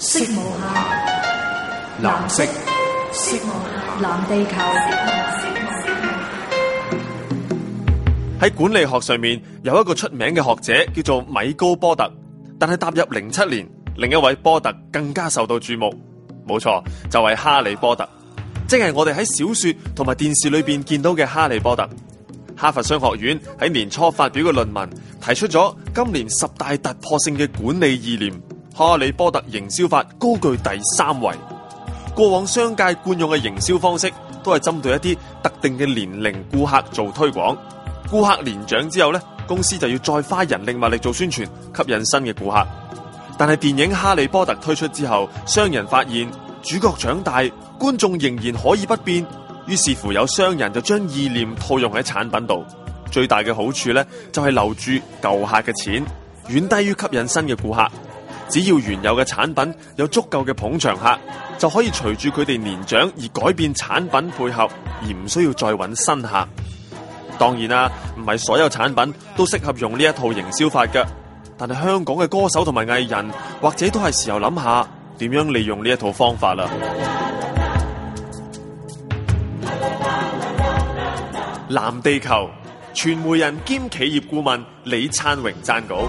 色無限，藍色。色無限，藍地球。喺管理學上面有一個出名嘅學者叫做米高波特，但係踏入零七年，另一位波特更加受到注目。冇錯，就係哈利波特，即係我哋喺小說同埋電視裏邊見到嘅哈利波特。哈佛商學院喺年初發表嘅論文，提出咗今年十大突破性嘅管理意念。哈利波特營銷法高居第三位。過往商界慣用嘅營銷方式，都係針對一啲特定嘅年齡顧客做推廣。顧客年長之後咧，公司就要再花人力物力做宣傳，吸引新嘅顧客。但係電影《哈利波特》推出之後，商人發現主角長大，觀眾仍然可以不變。於是乎，有商人就將意念套用喺產品度。最大嘅好處咧，就係留住舊客嘅錢，遠低於吸引新嘅顧客。只要原有嘅產品有足夠嘅捧場客，就可以隨住佢哋年長而改變產品配合，而唔需要再揾新客。當然啦，唔係所有產品都適合用呢一套營銷法嘅。但係香港嘅歌手同埋藝人，或者都係時候諗下點樣利用呢一套方法啦。藍地球傳媒人兼企業顧問李燦榮撰稿。